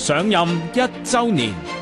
上任一周年。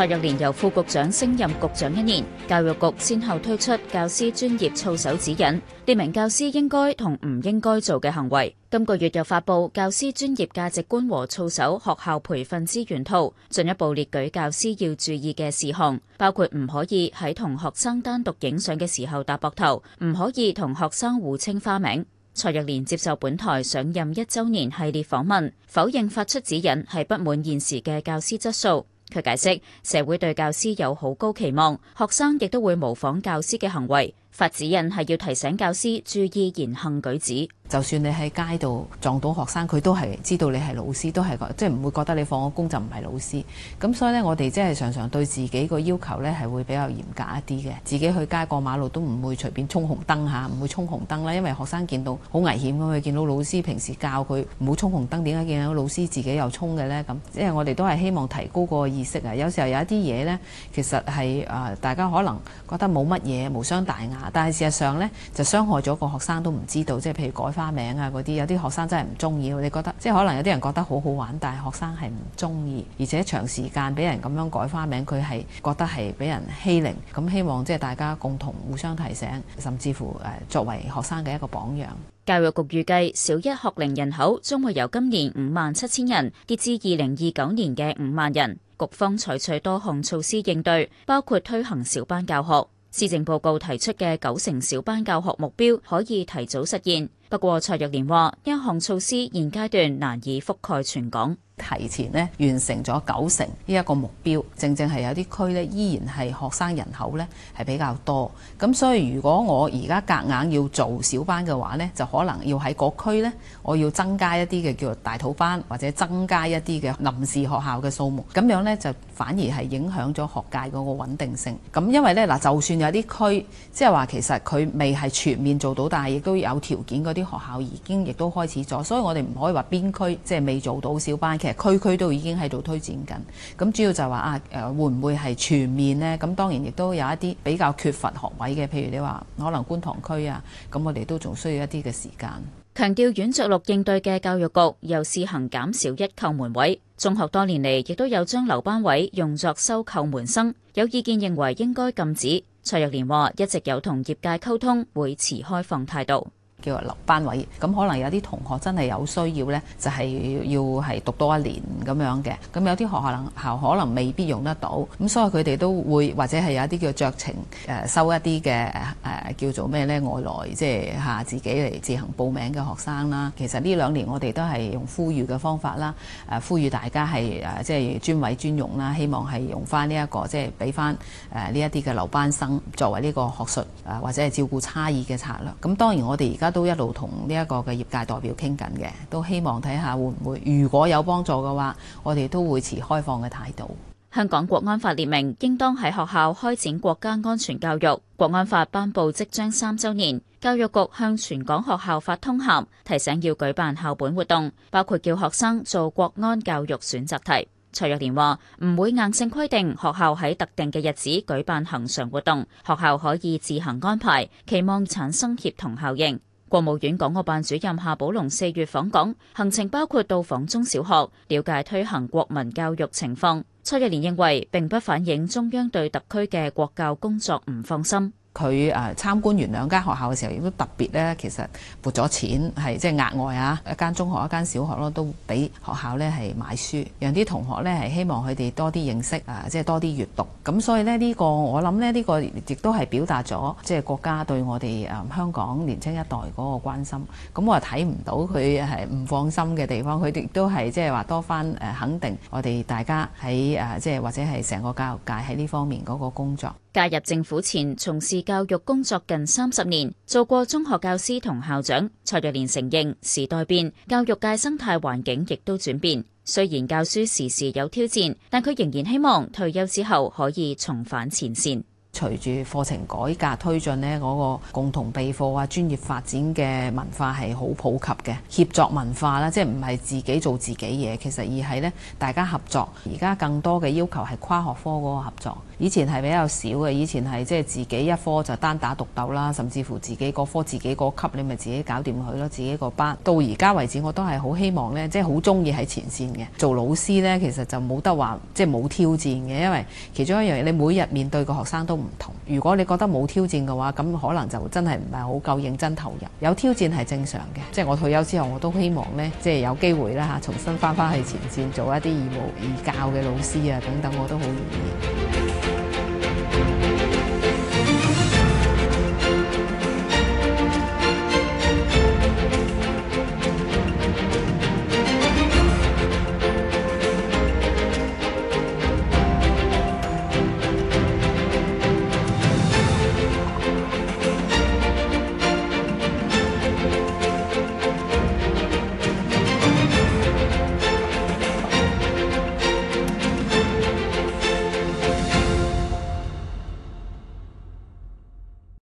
蔡若蓮由副局長升任局長一年，教育局先後推出教師專業操守指引，列明教師應該同唔應該做嘅行為。今個月又發布教師專業價值觀和操守學校培訓資源套，進一步列舉教師要注意嘅事項，包括唔可以喺同學生單獨影相嘅時候搭膊頭，唔可以同學生互稱花名。蔡若蓮接受本台上任一周年系列訪問，否認發出指引係不滿現時嘅教師質素。佢解釋，社會對教師有好高期望，學生亦都會模仿教師嘅行為。法指引係要提醒教師注意言行舉止。就算你喺街度撞到學生，佢都係知道你係老師，都係即係唔會覺得你放咗工就唔係老師。咁所以呢，我哋即係常常對自己個要求呢係會比較嚴格一啲嘅。自己去街過馬路都唔會隨便衝紅燈嚇，唔會衝紅燈啦。因為學生見到好危險，佢見到老師平時教佢唔好衝紅燈，點解見到老師自己又衝嘅呢？咁即係我哋都係希望提高個意識啊。有時候有一啲嘢呢，其實係誒、呃、大家可能覺得冇乜嘢，無傷大雅。但係事實上呢，就傷害咗個學生都唔知道，即係譬如改花名啊嗰啲，有啲學生真係唔中意。你覺得即係可能有啲人覺得好好玩，但係學生係唔中意，而且長時間俾人咁樣改花名，佢係覺得係俾人欺凌。咁希望即係大家共同互相提醒，甚至乎誒、作為學生嘅一個榜樣。教育局預計小一學齡人口將會由今年五萬七千人跌至二零二九年嘅五萬人。局方採取多項措施應對，包括推行小班教學。施政報告提出嘅九成小班教學目標可以提早實現，不過蔡若蓮話，一項措施現階段難以覆蓋全港。提前咧完成咗九成呢一個目標，正正係有啲區呢依然係學生人口呢係比較多，咁所以如果我而家夾硬要做小班嘅話呢，就可能要喺個區咧，我要增加一啲嘅叫做大肚班，或者增加一啲嘅臨時學校嘅數目，咁樣呢就反而係影響咗學界嗰個穩定性。咁因為呢嗱，就算有啲區即係話其實佢未係全面做到，但係亦都有條件嗰啲學校已經亦都開始咗，所以我哋唔可以話邊區即係未做到小班，其實。區區都已經喺度推展緊，咁主要就話啊，誒會唔會係全面呢？咁當然亦都有一啲比較缺乏學位嘅，譬如你話可能觀塘區啊，咁我哋都仲需要一啲嘅時間。強調軟着陸應對嘅教育局又試行減少一叩門位，中學多年嚟亦都有將留班位用作收叩門生，有意見認為應該禁止。蔡若蓮話一直有同業界溝通，會持開放態度。叫做留班位，咁可能有啲同學真係有需要咧，就係、是、要係讀多一年咁樣嘅。咁有啲學校校可能未必用得到，咁所以佢哋都會或者係有一啲叫酌情、誒、呃、收一啲嘅誒叫做咩咧？外來即係吓自己嚟自行報名嘅學生啦。其實呢兩年我哋都係用呼籲嘅方法啦，誒、呃、呼籲大家係誒、呃、即係專位專用啦，希望係用翻呢、這個呃、一個即係俾翻誒呢一啲嘅留班生作為呢個學術誒、呃、或者係照顧差異嘅策略。咁、呃、當然我哋而家。都一路同呢一個嘅業界代表傾緊嘅，都希望睇下會唔會，如果有幫助嘅話，我哋都會持開放嘅態度。香港國安法列明，應當喺學校開展國家安全教育。國安法頒布即將三周年，教育局向全港學校發通函，提醒要舉辦校本活動，包括叫學生做國安教育選擇題，蔡若蓮話唔會硬性規定學校喺特定嘅日子舉辦恆常活動，學校可以自行安排，期望產生協同效應。國務院港澳辦主任夏寶龍四月訪港，行程包括到訪中小學，了解推行國民教育情況。蔡若蓮認為，並不反映中央對特區嘅國教工作唔放心。佢誒、啊、參觀完兩間學校嘅時候，亦都特別咧，其實撥咗錢係即係額外啊，一間中學、一間小學咯，都俾學校咧係買書，讓啲同學咧係希望佢哋多啲認識啊，即、就、係、是、多啲閱讀。咁所以咧呢、這個我諗咧呢、這個亦都係表達咗即係國家對我哋誒香港年青一代嗰個關心。咁我睇唔到佢係唔放心嘅地方，佢哋都係即係話多番誒肯定我哋大家喺誒即係或者係成個教育界喺呢方面嗰個工作。加入政府前從事教育工作近三十年，做過中學教師同校長。蔡若蓮承認時代變，教育界生態環境亦都轉變。雖然教書時時有挑戰，但佢仍然希望退休之後可以重返前綫。隨住課程改革推進呢，嗰個共同備課啊、專業發展嘅文化係好普及嘅，協作文化啦，即係唔係自己做自己嘢，其實而係咧大家合作。而家更多嘅要求係跨學科嗰個合作，以前係比較少嘅，以前係即係自己一科就單打獨鬥啦，甚至乎自己嗰科自己嗰級你咪自己搞掂佢咯，自己個班。到而家為止，我都係好希望呢，即係好中意喺前線嘅做老師呢。其實就冇得話即係冇挑戰嘅，因為其中一樣嘢，你每日面對個學生都唔。如果你覺得冇挑戰嘅話，咁可能就真係唔係好夠認真投入。有挑戰係正常嘅，即係我退休之後，我都希望呢，即係有機會啦嚇，重新翻返去前線做一啲義務義教嘅老師啊等等，我都好願意。